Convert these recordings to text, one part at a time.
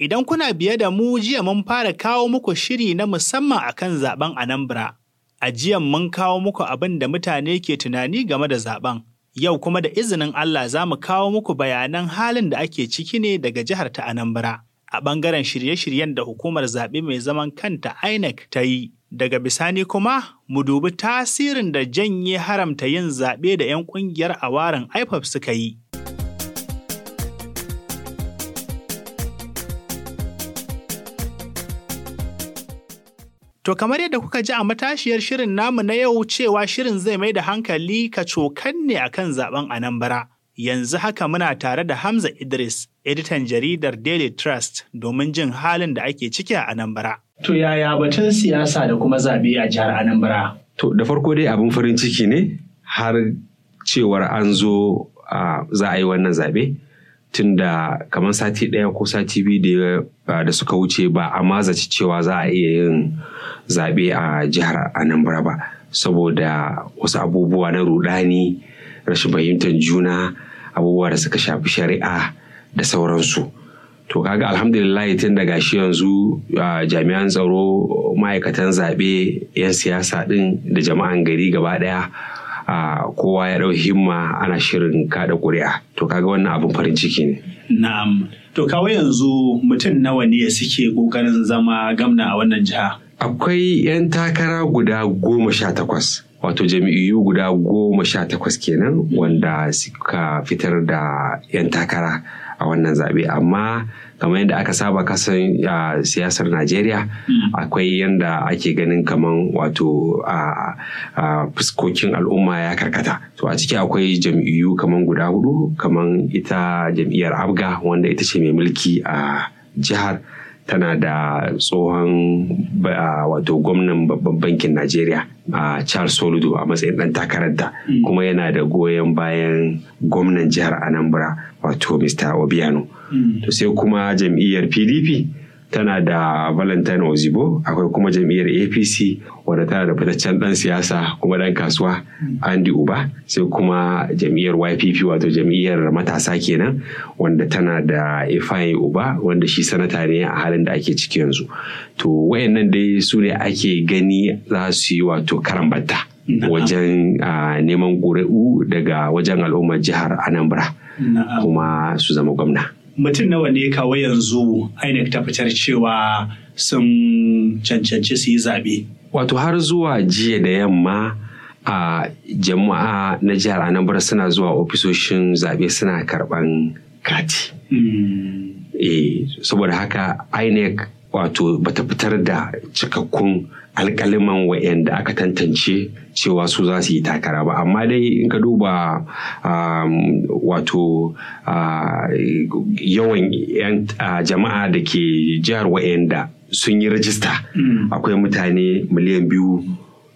Idan kuna biye da mu jiya mun fara kawo muku shiri na musamman akan zaɓen Anambra. A jiya mun kawo muku abin da mutane ke tunani game da zaɓen, Yau kuma da izinin Allah za mu kawo muku bayanan halin da ake ciki ne daga jihar ta Anambra. A ɓangaren shirye-shiryen da hukumar zaɓe mai zaman kanta INEC ta yi. Daga bisani kuma, mu dubi tasirin da janye haramta yin zaɓe da 'yan ƙungiyar awarin IPOP suka yi. To kamar yadda kuka ji a matashiyar shirin namu na yau cewa shirin zai mai da hankali ka cokan ne akan zaben Anambra. Yanzu haka muna tare da Hamza Idris, editan jaridar Daily Trust domin jin halin da ake ciki a Anambra. To yaya batun siyasa da kuma zaɓe a jihar Anambra? To da farko dai abin farin ciki ne har cewar an zo za a yi wannan zaɓe. tun da kamar sati ɗaya ko sati biyu da suka wuce ba a mazaci cewa za a iya yin zaɓe a jihar anambra ba saboda wasu abubuwa na rudani rashin fahimtar juna abubuwa da suka shafi shari'a da sauransu to kaga alhamdulillah tun daga gashi yanzu jami'an tsaro ma'aikatan zaɓe 'yan siyasa ɗin da jama'an gari gaba ɗaya kowa ya ɗau himma ana shirin kaɗa ƙuri'a to kaga wannan abin farin ciki ne. Na'am. To kawai yanzu mutum nawa ne suke ƙoƙarin zama gamna a wannan jiha? Akwai 'yan takara guda goma sha takwas. Wato jami'u guda goma sha takwas kenan wanda suka fitar da 'yan takara. a wannan zaɓe amma kamar yadda aka saba kasan siyasar najeriya mm. akwai yadda ake ganin kamar wato a fuskokin al'umma ya karkata to a ciki akwai jam'iyyu kamar guda hudu kamar ita jam'iyyar abga wanda ita ce mai mulki a jihar tana da tsohon wato gwamnan babban bankin najeriya a charles soludo a matsayin ɗan takararta hmm. kuma yana da goyon bayan gwamnan jihar anambra wato mr obiano hmm. to sai kuma jam'iyyar pdp tana da valentine ozibo akwai kuma jam'iyyar apc wadda tana da fitaccen dan siyasa kuma dan kasuwa andy uba sai kuma jam'iyyar ypp wato jam'iyyar matasa kenan wanda tana da ifeanyi uba wanda shi sanata ne a halin da ake ciki yanzu to wayannan dai su ne ake gani za su yi wato karambata wajen neman ƙuri'u daga wajen al'ummar jihar anambra kuma su zama gwamna mutum nawa ne kawai yanzu INEC ta cewa sun cancanci su yi zaɓe. Wato har zuwa jiya da yamma a jama'a na jihar Anambra suna zuwa ofisoshin zaɓe suna karɓan kati. Mm. saboda haka INEC wato bata fitar da cikakkun alkaliman wa'yanda aka tantance cewa su za su yi takara ba amma dai in ka duba um, wato uh, yawan uh, jama'a da ke jihar wa'yanda sun yi rajista mm. akwai mutane miliyan biyu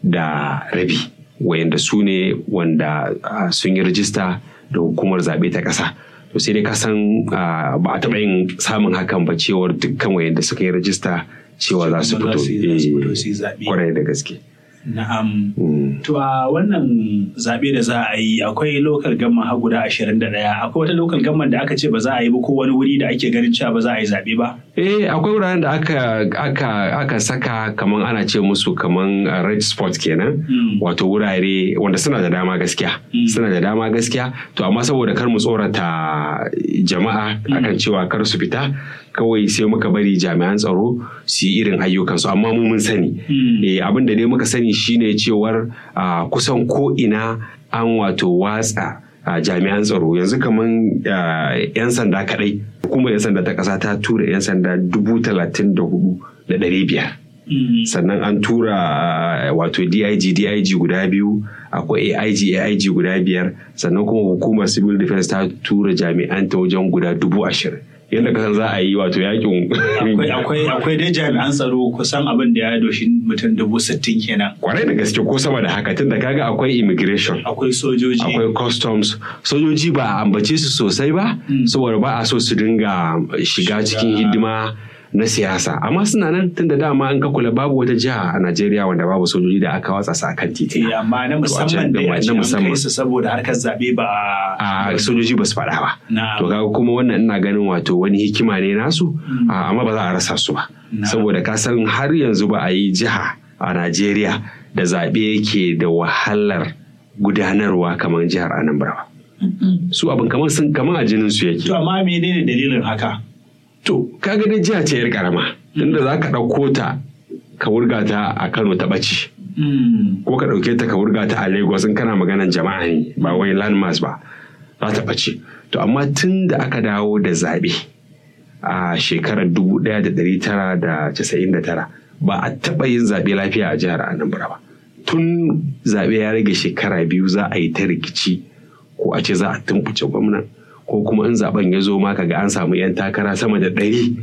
da rabi wa'yanda su ne wanda uh, sun yi rajista da hukumar zaɓe ta ƙasa to sai dai ka san ba a taɓa yin samun hakan ba cewar dukkan wayanda suka yi rajista cewa za su fito eh, kwarai da gaske Na'am. Hmm. To a wannan zaɓe da za a yi akwai lokal gamman har guda ashirin da ɗaya. Akwai wata lokal gamman da aka ce ba za a yi ba ko wani wuri da ake ganin cewa ba za a yi zaɓe ba? Eh akwai wuraren da aka aka aka saka kaman ana ce musu kaman uh, red spot kenan. Hmm. Wato wurare wanda suna da dama gaskiya. Hmm. Suna da dama gaskiya. To amma saboda kar mu tsorata jama'a akan cewa kar su fita. kawai sai muka bari jami'an tsaro su yi irin ayyukansu amma mu mun sani hmm. eh, abin da dai muka sani shine cewar kusan ko ina an wato watsa jami'an tsaro yanzu kamar 'yan sanda kadai hukumar 'yan sanda ta kasa ta tura 'yan sanda dubu talatin da hudu da ɗari biyar hmm. sannan an tura wato dig dig guda biyu akwai aig aig guda biyar sannan kuma hukumar civil defense ta tura jami'an ta wajen guda dubu ashirin yadda kasan za a yi wato yakin akwai akwai dai jami'an tsaro kusan abin da ya doshi mutum dubu sittin kenan kwarai da gaske ko sama da haka tunda kaga akwai immigration akwai sojoji akwai customs sojoji ba a ambace su sosai ba mm. saboda ba a so su dinga shiga cikin hidima na siyasa amma suna nan tun da dama an kula babu wata jiha a Najeriya wanda babu sojoji da aka watsa su akan titi eh, amma na musamman da na musamman su saboda harkar zabe ba a sojoji ba su faɗa ba to kaga kuma wannan ina ganin wato wani hikima ne nasu mm. amma ba za a rasa su ba saboda ka san har yanzu ba a yi jiha a Najeriya da zabe yake da wahalar gudanarwa kamar jihar Anambra ba su abin kamar sun kamar a jinin su yake to amma menene dalilin haka To, kaga dai jiya ce 'yar karama, inda za ka ɗauko ta ka wurga ta a Kano ta ɓaci. Hmm. Ko ka ɗauke ta ka wurga ta a Lagos in kana maganan jama'a ne ba wani landmass ba za ta ɓaci. To, amma tun da aka dawo da zaɓe a shekarar 1999 ba a taɓa yin zaɓe lafiya a jihar Anambra ba. Tun zaɓe ya rage shekara biyu za a yi ta rikici ko a ce za a tumɓuce gwamnan. ko kuma in zaben ya zo ma kaga an samu 'yan takara sama da ɗari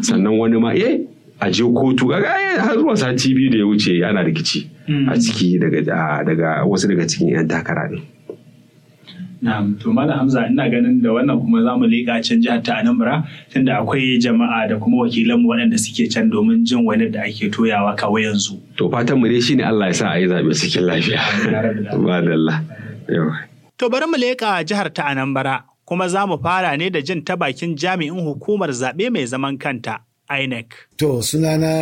sannan wani ma e a je kotu ga eh, har zuwa sati biyu da ya wuce ana rikici hmm. a ciki daga wasu daga cikin 'yan takara ne. Na'am, to Malam Hamza ina ganin da wannan kuma za mu leƙa can jihar ta Anambra tunda akwai jama'a da kuma wakilan mu waɗanda suke can domin jin wani da ake toyawa kawai yanzu. To fatan mu dai shine Allah ya sa a yi zaɓe cikin lafiya. Ba da Allah. To bari mu leƙa jihar ta Anambra kuma za mu fara ne da jin ta bakin jami'in hukumar zaɓe mai zaman kanta INEC. To sunana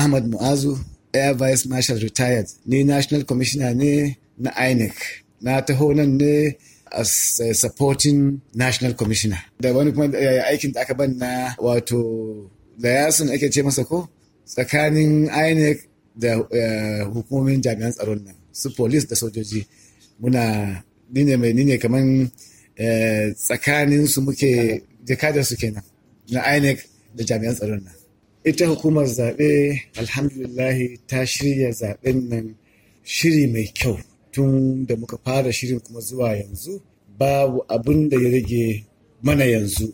Ahmad Mu'azu, Air Vice Marshal retired, ni National Commissioner ne na INEC. Na taho nan ne as a supporting National Commissioner. Da wani kuma eh, aikin da aka ban wato da yasun ake ce masa ko tsakanin INEC da eh, hukumomin jami'an tsaron nan su police da sojoji muna nine mai nine kamar. Eh, tsakanin su muke jikada su kenan na INEC da jami'an tsaron nan. Ita hukumar zaɓe alhamdulillah ta shirya zaɓen nan shiri mai kyau tun da muka fara shirin kuma zuwa yanzu babu abin da ya rage mana yanzu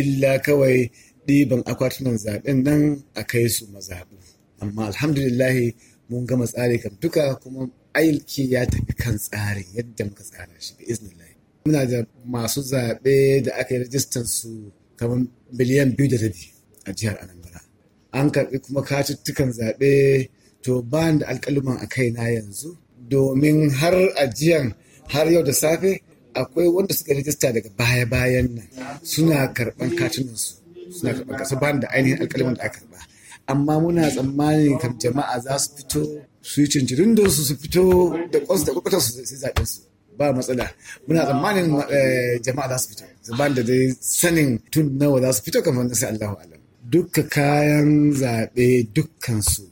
illa kawai ɗiban akwatunan zaɓen nan a kai su mazaɓu. Amma alhamdulillahi mun gama tsari kan duka kuma aiki ya tafi kan tsarin yadda muka tsara shi bi muna da masu zaɓe da aka yi rajistan su kamar biliyan biyu da rabi a jihar anambra an karɓi kuma katuttukan zaɓe to ba da alƙaluman a kaina yanzu domin har ajiyan har yau da safe akwai wanda suka rajista daga baya-bayan nan suna karɓan katunansu suna karɓan kasu ba da ainihin alƙaluman da aka karɓa amma muna tsammanin kam jama'a za su fito su yi cincirin su fito da kwansu da kwakwata su zaɓe su ba matsala muna tsammanin eh, jama'a za su fito zaban da dai sanin tun nawa za su fito kamar nasi Allahu alam dukka kayan zaɓe dukkansu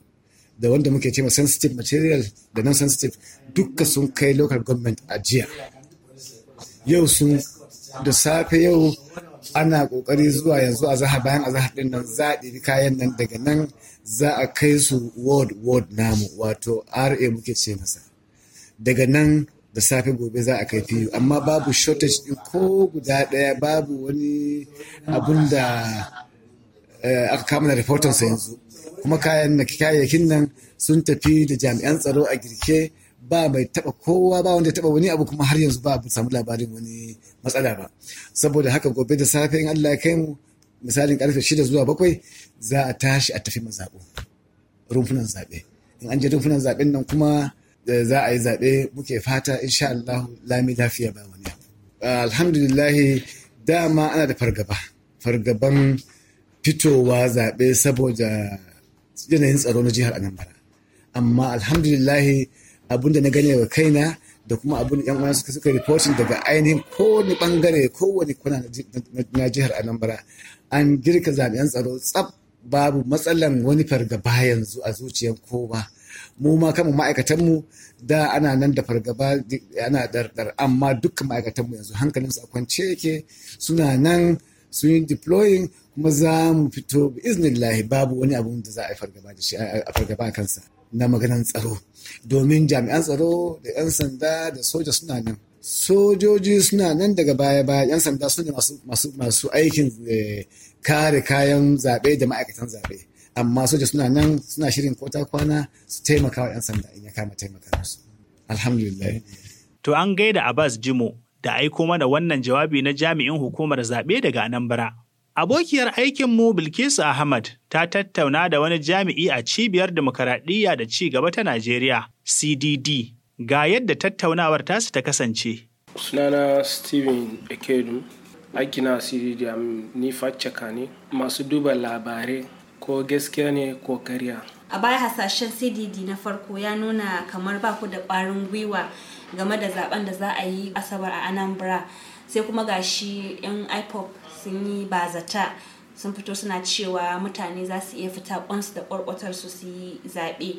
da wanda muke ce sensitive material da non sensitive dukka sun kai local government a jiya yau sun da safe yau ana kokari zuwa yanzu a zaha bayan a zahar din nan za a ɗiri kayan nan daga nan za a kai su ward ward namu wato ra muke ce masa daga nan da safe gobe za a kai fiyu amma babu shortage din ko guda ɗaya babu wani abun da eh, aka kama da sa yanzu kuma kayan kayayyakin nan sun tafi da jami'an tsaro a girke ba mai taba kowa ba wanda taba wani abu kuma har yanzu ba a samu labarin wani matsala ba saboda haka gobe da safe in Allah ya kai mu misalin karfe shida zuwa bakwai za a tashi a tafi mazaɓo rumfunan zaɓe in an je rumfunan zaɓen nan kuma da za a yi zaɓe muke fata insha Allah lami lafiya ba wani alhamdulillahi dama ana da fargaba fargaban fitowa zaɓe saboda yanayin tsaro na jihar anambra amma alhamdulillahi abin da na gane wa kaina da kuma abin da yan uwan suka suka reporting daga ainihin kowane bangare kowane kuna na jihar anambra an girka zaɓen tsaro tsab babu matsalan wani fargaba yanzu a zuciyar kowa mu ma ma'aikatan mu da ana nan da fargaba ana dardar amma dukkan ma'aikatanmu yanzu su a kwance yake suna nan sun yi deploying kuma za mu fito iznillahi babu wani abu da za a fargaba da shi a fargaba kansa na maganan tsaro domin jami'an tsaro da 'yan sanda da soja suna nan sojoji suna nan daga baya baya 'yan sanda ne masu aikin eh, kare kayan zaɓe da ma'aikatan zaɓe amma soja suna nan suna shirin kota kwana su taimaka wa 'yan sanda in ya kama taimaka musu alhamdulillah to an gaida abbas jimo da aiko mana wannan jawabi na jami'in hukumar zaɓe daga anambra abokiyar aikinmu bilkisu ahmad ta tattauna da wani jami'i a cibiyar demokaradiyya da ci gaba ta najeriya cdd ga yadda tattaunawar tasu ta kasance sunana steven ekedu aikina cdd ni faccaka ne masu duba labarai ko gaskiya ne ko karya a baya hasashen cdd na farko ya nuna kamar ba ku da ƙwarin gwiwa game da zaben da za a yi asabar a anambra sai kuma gashi yan ipop sun yi bazata sun fito suna cewa mutane za su iya fita kwansu da kwarkwatar su su yi zaɓe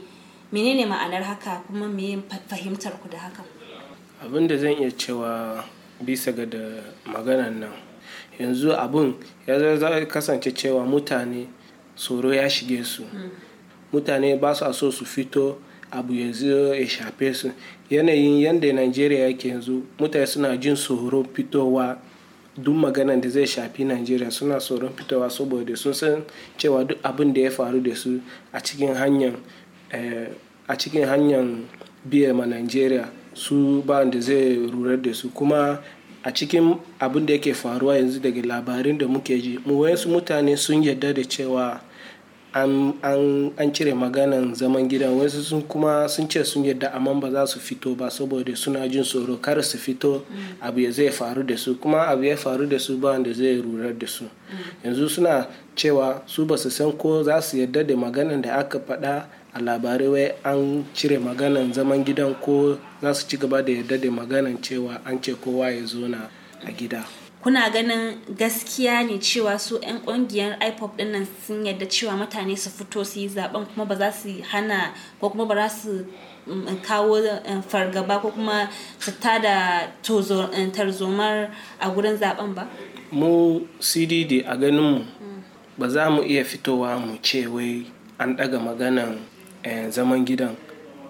menene ma'anar haka kuma me fahimtar ku da hakan abin da zan iya cewa bisa ga da maganan nan yanzu abin ya kasance cewa mutane tsoro ya shige su mutane ba su so su fito abu ya ya shafe su yanayin yadda najeriya yake yanzu mutane suna jin tsoron fitowa duk magana da zai shafi nigeria suna tsoron fitowa saboda sun san cewa duk abin da ya faru da su a cikin hanyar eh, a ma najeriya su ba da zai rurar da su kuma a cikin abin da yake faruwa yanzu daga labarin da muke ji mu wayansu mutane sun yarda da cewa an cire maganan zaman gidan wasu sun kuma sun ce sun yadda amma ba za su fito ba saboda suna jin tsoro kar su fito mm. abu ya zai faru da su kuma abu ya faru da su ba wanda zai rurar da su mm. yanzu suna cewa su ba su san ko za su yadda da maganan da aka faɗa a labarai wai an cire maganan zaman gidan ko za su ci gaba da yadda da maganan cewa an ce kowa ya zo na a gida kuna ganin gaskiya ne cewa su 'yan kungiyar ipop din nan sun yadda cewa mutane su fito su yi zaben kuma ba za su hana ko kuma ba za su mm, kawo eh, fargaba ko kuma su tada eh, tarzomar a gurin zaben ba mu cdd a ganinmu ba za mu iya fitowa mu ce wai an daga maganan eh, zaman gidan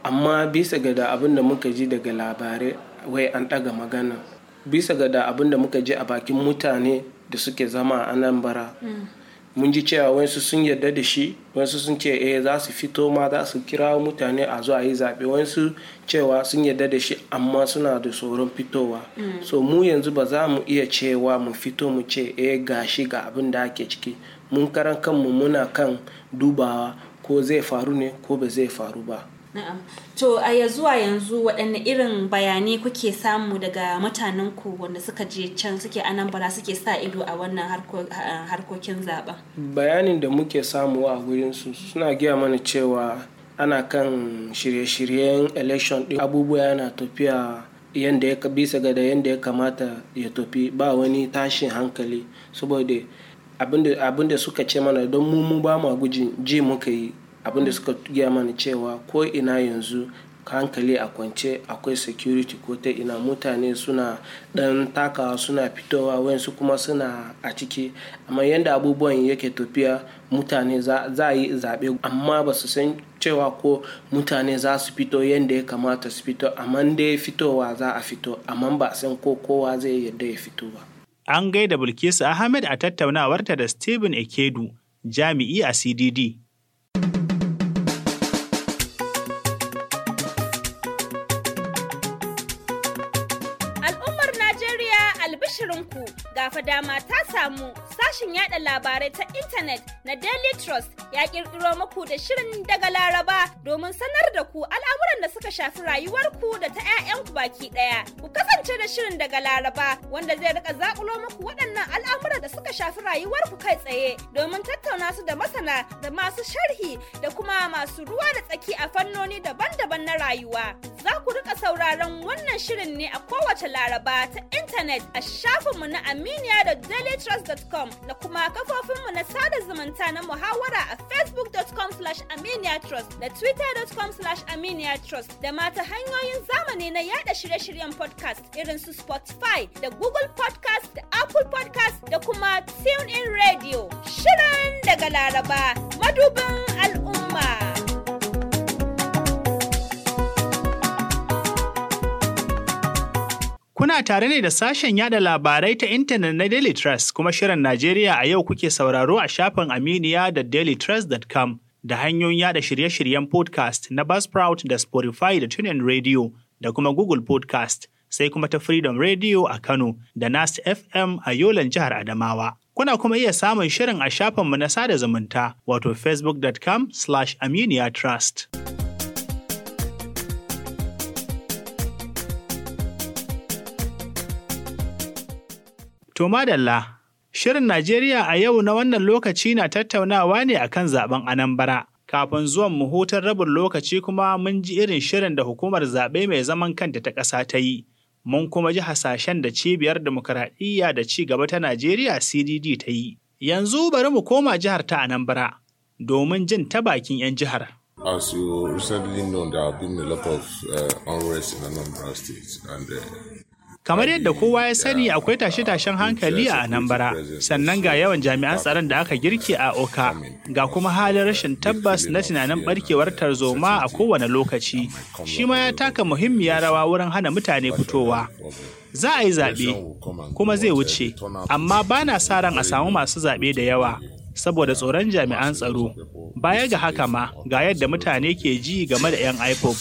amma bisa ga da abin da muka ji daga labarai wai an daga maganan bisa ga da abin da muka je a bakin mutane da suke zama a nan bara mun ji cewa wasu sun yarda da shi wasu sun ce eh za su fito ma za su kira mutane a zuwa yi zaɓe wasu cewa sun yarda da shi amma suna da tsoron fitowa so mu yanzu ba za mu iya cewa mu fito mu ce eh gashi ga abin da ake ciki mun karan kanmu muna kan dubawa ko zai faru ne ko ba zai faru ba To a yanzu zuwa yanzu waɗanne irin bayanai kuke samu daga mutanen ku wanda suka je can suke anambra suke sa ido a wannan harkokin zaɓen Bayanin da muke samu a su suna giya mana cewa ana kan shirye-shiryen election ɗin abubuwa yana tafiya yadda ya bisa ga da yadda ya kamata ya tafi ba wani tashin hankali saboda abinda suka ce mana don mu mu ba mu gujin ji muka yi abin da suka gaya mana cewa ko ina yanzu hankali a kwance akwai security ko ta ina mutane suna dan takawa suna fitowa wayansu kuma suna a ciki amma yadda abubuwan yake tafiya mutane za a yi zaɓe amma ba su san cewa ko mutane za su fito yadda ya kamata su fito amma ya fitowa za a fito amma ba a san ko kowa zai yarda ya fito ba. an gaida bilkisu ahmed a tattaunawarta da stephen ekedu jami'i a cdd fa dama ta samu sashen yada labarai ta intanet na Daily Trust ya kirkiro muku da shirin daga Laraba domin sanar da ku al'amuran da suka shafi rayuwarku da ta 'ya'yanku baki daya. Ku kasance da shirin daga Laraba wanda zai rika zakulo muku waɗannan al'amuran da suka shafi rayuwarku kai tsaye domin tattauna su da masana da masu sharhi da kuma masu ruwa da tsaki a fannoni daban-daban na rayuwa. Za ku rika sauraron wannan shirin ne a kowace laraba ta intanet a shafinmu na aminiya da dailytrust.com da kuma kafofinmu na sada zumunta na muhawara a facebook.com slash aminiyatrust da twitter.com slash aminiyatrust da mata hanyoyin zamani na yada shirye-shiryen podcast irin su Spotify da Google podcast da Apple podcast da kuma tune in Radio. Shirin daga laraba madubin al'umma. Kuna tare ne da sashen yada labarai ta intanet na Daily Trust kuma Shirin Najeriya a yau kuke sauraro a shafin Aminiya da dailytrust.com da hanyoyin yada shirye-shiryen podcast na Buzzsprout da Spotify da TuneIn Radio da kuma Google Podcast sai kuma ta Freedom Radio a Kano da Nast FM a Yolan jihar Adamawa. Kuna kuma iya samun shirin a shafinmu na sada zumunta wato facebook.com/aminiya trust. To madalla, shirin Najeriya a yau na wannan lokaci na tattaunawa ne akan zaben Anambra. Kafin zuwan mu hutar rabin lokaci kuma mun ji irin shirin da hukumar zaɓe mai zaman kanta ta ƙasa ta yi. Mun kuma ji hasashen da cibiyar demokuraɗiyya da ci gaba ta Najeriya CDD ta yi. Yanzu bari mu koma jihar ta Anambra domin jin ta bakin 'yan jihar. As you recently know, there have been a lot of uh, unrest in Anambra State, and uh, Kamar yadda kowa ya sani akwai tashe-tashen hankali a Anambra, sannan ga yawan jami'an tsaron da aka girki a Oka, ga kuma halin rashin tabbas na tunanin barkewar tarzoma a kowane lokaci. Shi ma ya taka muhimmiyar rawa wurin hana mutane fitowa. Za a yi zaɓe, kuma zai wuce, amma ba na sa ran a samu masu zaɓe da yawa. saboda tsoron jami'an tsaro. Baya ga haka ma ga yadda mutane ke ji game da 'yan IPOB.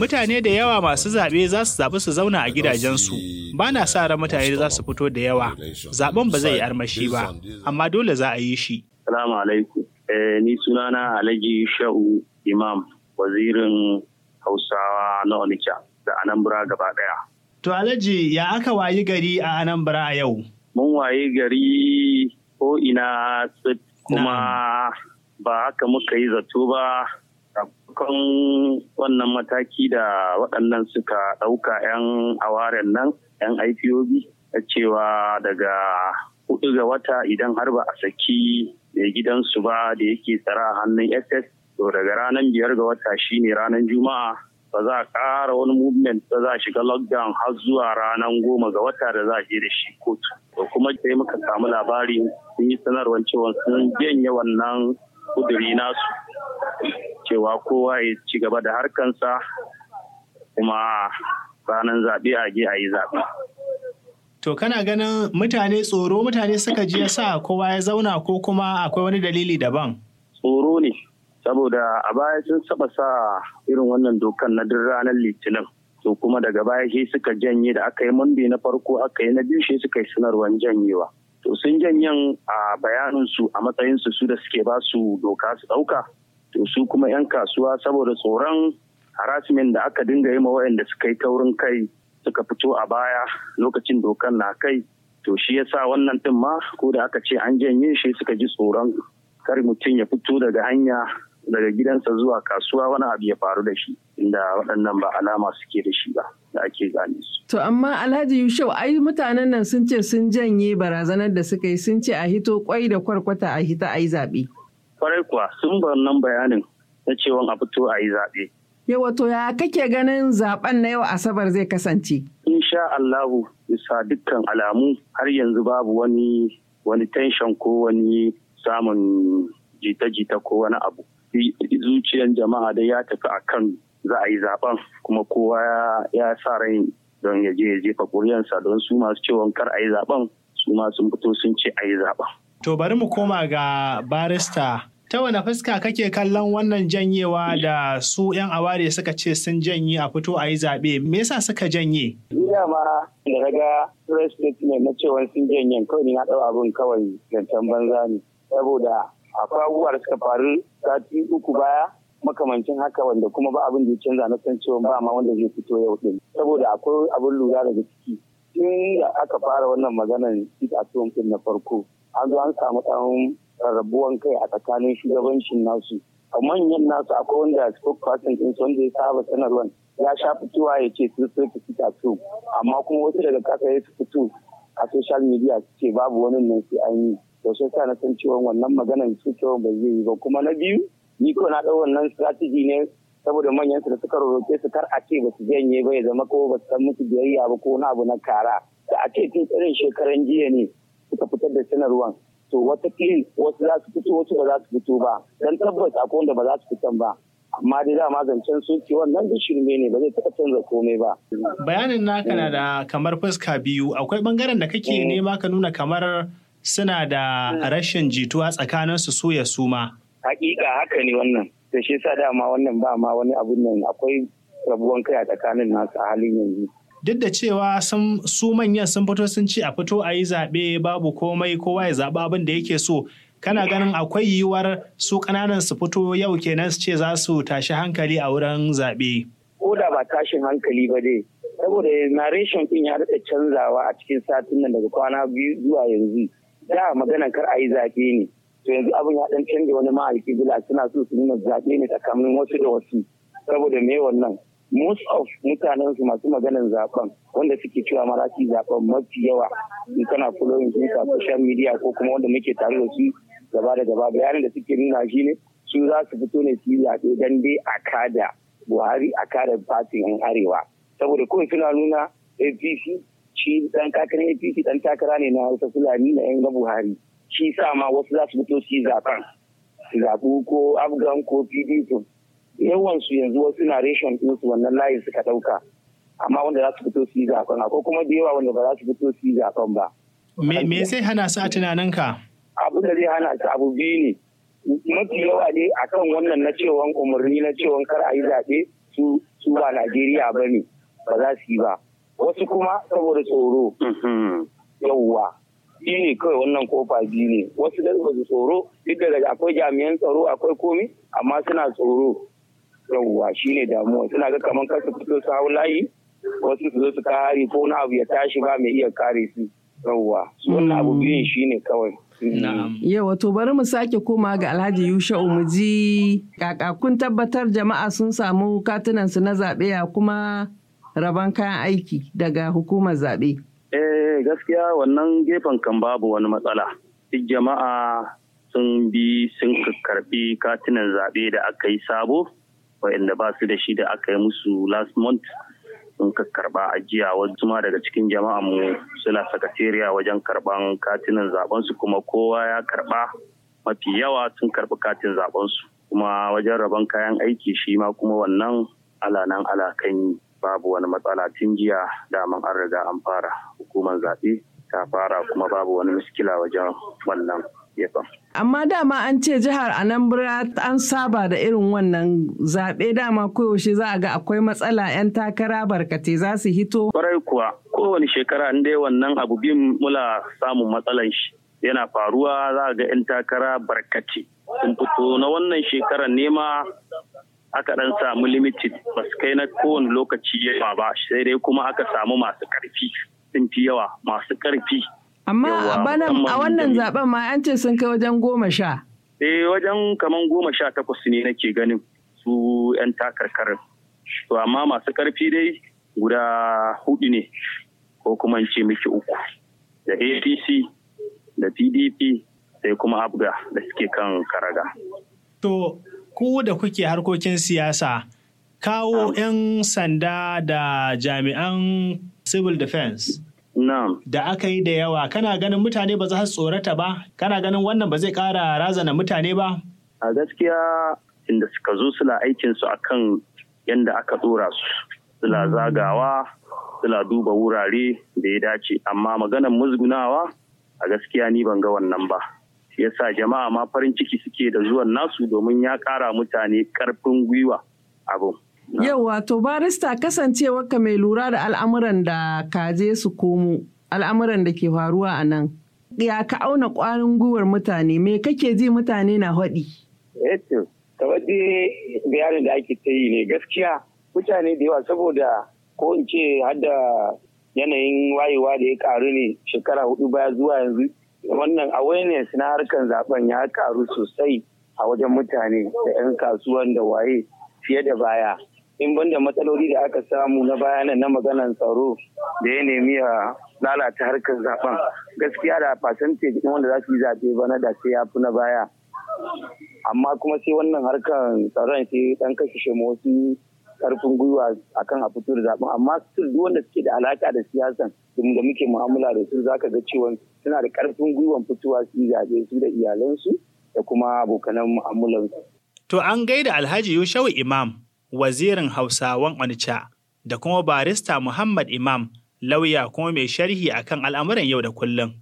Mutane da yawa masu zaɓe za su zaɓi su zauna a gidajensu. Ba na sa ran mutane za su fito da yawa. Zaɓen ba zai armashi ba, amma dole za a yi shi. Salamu alaikum. Eh, ni sunana Alhaji Shehu Imam, wazirin Hausawa na Onitsha da Anambra gaba ɗaya. To Alhaji ya aka wayi gari a Anambra a yau? Mun wayi gari ko ina kuma ba haka muka yi zato ba kan wannan mataki da waɗannan suka ɗauka 'yan awaren nan 'yan IPOB na cewa daga hudu ga wata idan har ba a saki da gidansu ba da yake tsara hannun SS to daga ranar biyar ga wata shine ranar juma'a ba za a ƙara wani movement ba za a shiga lockdown har zuwa ranar goma ga wata da za a je da shi kotu to kuma sai muka samu labari sun yi sanarwar cewa sun janye wannan kuduri nasu cewa kowa ya ci gaba da harkansa kuma ranar zaɓe a je a yi zaɓe. To kana ganin mutane tsoro mutane suka ji sa kowa ya zauna ko kuma akwai wani dalili daban? Tsoro ne. saboda a baya sun saba sa irin wannan dokan na duk ranar litinin to kuma daga baya shi suka janye da aka yi mambi na farko aka yi na biyu shi suka yi sanarwar janyewa to sun janyen a bayanin su a matsayin su su da suke ba su doka su ɗauka to su kuma 'yan kasuwa saboda tsoron harasmin da aka dinga yi ma waɗanda suka yi taurin kai suka fito a baya lokacin dokan na kai to shi yasa wannan din ma ko da aka ce an janye shi suka ji tsoron kar mutum ya fito daga hanya daga gidansa zuwa kasuwa wani abu ya faru da shi inda waɗannan ba alama suke da shi ba da ake gane su. To amma Alhaji Yushau ai mutanen nan sun ce sun janye barazanar da suka yi sun ce a hito kwai da kwarkwata a hita a yi zaɓe. Kwarai kuwa sun bar nan bayanin na cewa a fito a yi zaɓe. Yawa to ya kake ganin zaɓen na yau Asabar zai kasance? In sha Allahu bisa dukkan alamu har yanzu babu wani wani tension ko wani samun jita-jita ko wani abu zuciyan jama'a da ya tafi a kan za a yi zaben kuma kowa ya sa rai don ya je ya jefa ƙuri'ansa don su masu cewon kar a yi zaben su ma sun fito sun ce a yi zaben. To bari mu koma ga barista ta wane fuska kake kallon wannan janyewa da su 'yan aware suka ce sun janye a fito a yi zaɓe me yasa suka janye? Iya ma da raga president ne na cewa sun janye kawai na ɗau abin kawai zancen banza ne saboda akwai abubuwa da suka faru sati uku baya makamancin haka wanda kuma ba abin da ya canza na san cewa ba ma wanda zai fito yau ɗin. saboda akwai abin lura daga ciki tun da aka fara wannan maganar a tuwon din na farko an zo an samu ɗan rarrabuwan kai a tsakanin shugabancin nasu a manyan nasu akwai wanda ya spokesperson din su wanda ya saba sanarwar. ya sha fitowa ya ce sun soke a amma kuma wasu daga kasa ya fito a social media su ce babu wani nan sai an yi to shi sa na san cewa wannan maganan su cewa ba zai yi ba kuma na biyu ni ko na ɗau wannan strategy ne saboda manyan su da suka roke su kar a ce ba su janye ba ya zama ko ba su san musu biyayya ba ko na abu na kara da a ce tun tsarin shekaran jiya ne suka fitar da sanarwar to wata kiri wasu za su fito wasu ba za su fito ba dan tabbas akwai wanda ba za su fitan ba amma dai za ma zancen ke wannan da shirme ne ba zai taɓa canza komai ba. Bayanin naka na da kamar fuska biyu akwai bangaren da kake eh. nema ka nuna kamar suna da hmm. rashin jituwa tsakanin su ya suma. Hakika haka ne wannan. Da shi sa dama wannan ba ma wani abun nan akwai rabuwan kai a tsakanin nasu a halin yanzu. Duk da cewa sun su manyan sun fito sun ce a fito a yi zaɓe babu komai kowa ya zaɓa abin da yake so. Kana ganin akwai yiwuwar su ƙananan su fito yau kenan su ce za su tashi hankali a wurin zaɓe. Ko da ba tashin hankali ba dai, saboda narration ɗin ya daɗa canzawa a cikin satin nan daga kwana biyu zuwa yanzu. da magana kar a yi zaɓe ne to yanzu abin ya dan canza wani ma'aiki bila suna so su nuna zaɓe ne tsakanin wasu da wasu saboda me wannan most of mutanen su masu maganan zaben wanda suke cewa ma zaɓen zaben mafi yawa in kana following su ka social media ko kuma wanda muke tare da su gaba da gaba bayanin da suke nuna shi ne su za su fito ne su yi zaɓe dan dai a kada Buhari a kada fatin arewa saboda kawai suna nuna APC shi dan kakarin APC dan takara ne na Hausa Fulani na yan Buhari shi sa ma wasu za su fito su zaben zabu ko Afghan ko PDP yawan su yanzu wasu na reshen su wannan layin suka dauka amma wanda za su fito su yi zaben akwai kuma da yawa wanda ba za su fito su yi zaben ba me sai hana su a tunaninka abu da zai hana su abu biyu ne mafi yawa ne akan wannan na cewan umarni na cewan kar a yi zaɓe su ba Najeriya ba ne ba za su yi ba wasu kuma saboda tsoro mm-hmm. yauwa shi ne kawai wannan kofa biyu ne wasu da su tsoro duk da akwai jami'an tsaro akwai komi amma suna tsoro yauwa shi ne damuwa suna ga kamar kasu su fito su hau layi wasu su zo su kare ko na abu ya tashi ba mai iya kare su yauwa wannan abu mm. biyun shi ne kawai Yawa to bari mu sake koma ga Alhaji Yusha'u mu ji kaka kun tabbatar jama'a sun samu katunansu na zaɓe ya kuma rabon kayan aiki daga hukumar zaɓe. Eh gaskiya wannan gefen kan babu wani matsala. Duk jama'a sun bi sun karɓi katinan zaɓe da aka yi sabo wa'inda ba su da shi da aka yi musu last month sun karɓa ajiya wasu ma daga cikin jama'a mu suna sakatariya wajen karɓan katinan zaben su kuma kowa ya karɓa mafi yawa sun karɓi katin zaɓen su kuma wajen rabon kayan aiki shi ma kuma wannan alanan alakan babu wani matsala tun jiya daman an riga an fara hukumar zaɓe ta fara kuma babu wani muskila wajen wannan gefen. Amma dama an ce jihar Anambra an saba da irin wannan zaɓe dama koyaushe za a ga akwai matsala 'yan takara barkate za su hito. Kwarai kuwa kowane shekara in dai wannan abu bin mula samun matsalan shi yana faruwa za a ga 'yan takara barkate. Sun fito na wannan shekarar nema aka dan samu limited ba su kai na kowane lokaci yawa ba sai dai kuma aka samu masu karfi sun fi yawa masu karfi amma a wannan zaben ma an ce sun kai wajen goma sha eh wajen kaman goma sha takwas ne nake ganin su yan takarkar. to amma masu karfi dai guda hudu ne ko kuma in ce miki uku da apc da pdp sai kuma abga da suke kan karaga To ku da kuke harkokin siyasa kawo 'yan sanda da jami'an civil defense da aka yi da yawa kana ganin mutane ba za su tsorata ba kana ganin wannan ba zai kara razana mutane ba a gaskiya inda suka zo suna aikinsu akan yadda aka dora su suna mm. zagawa suna duba wurare da ya dace amma maganan musgunawa a gaskiya ni ban ga wannan ba yasa jama'a ma farin ciki suke da zuwan nasu domin ya ƙara mutane karfin gwiwa abin. Yauwa to barista kasancewarka mai lura da al'amuran da ka je su komo al'amuran da ke faruwa a nan. Ya ka auna ƙwarin gwiwar mutane me kake ji mutane na haɗi? Eh da ake ta yi ne gaskiya mutane da yawa saboda ko in ce hada yanayin wayewa da ya karu ne shekara hudu baya zuwa yanzu wannan awareness na harkar zaben ya karu sosai a wajen mutane da 'yan kasuwan da waye fiye da baya in banda matsaloli da aka samu na bayanan na maganan tsaro da ya nemi ya lalata harkar zaben gaskiya da percentage din wanda za su yi zaɓe ba na da sai ya fi na baya amma kuma sai wannan harkar tsaron sai dan kashe wasu karfin gwiwa akan a fito da zaben amma su duk wanda suke da alaka da siyasan da muke mu'amala da su zaka ga cewa suna da karfin gwiwan fitowa su zaɓe su da iyalansu da kuma abokanan mu'amalan to an gaida Alhaji Yushawu Imam wazirin Hausawan Onitsha da kuma barista Muhammad Imam lauya kuma mai sharhi akan al'amuran yau da kullum.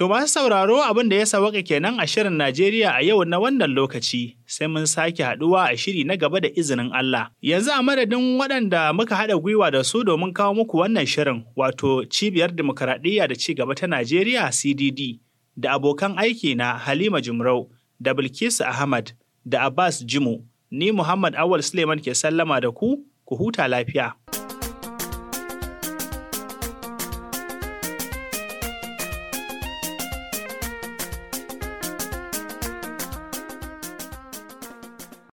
To masu sauraro abin da ya sawaka kenan a shirin Najeriya a yau na wannan lokaci sai mun sake haduwa a shiri na gaba da izinin Allah. Yanzu a madadin waɗanda muka haɗa gwiwa da su domin kawo muku wannan shirin wato Cibiyar Dimokuraɗiyya da Ci Gaba ta Najeriya CDD da abokan aiki na Halima Jumrau da Bilkisu Ahmad da Abbas Jimu ni Muhammad Awal Suleiman ke sallama da ku ku huta lafiya.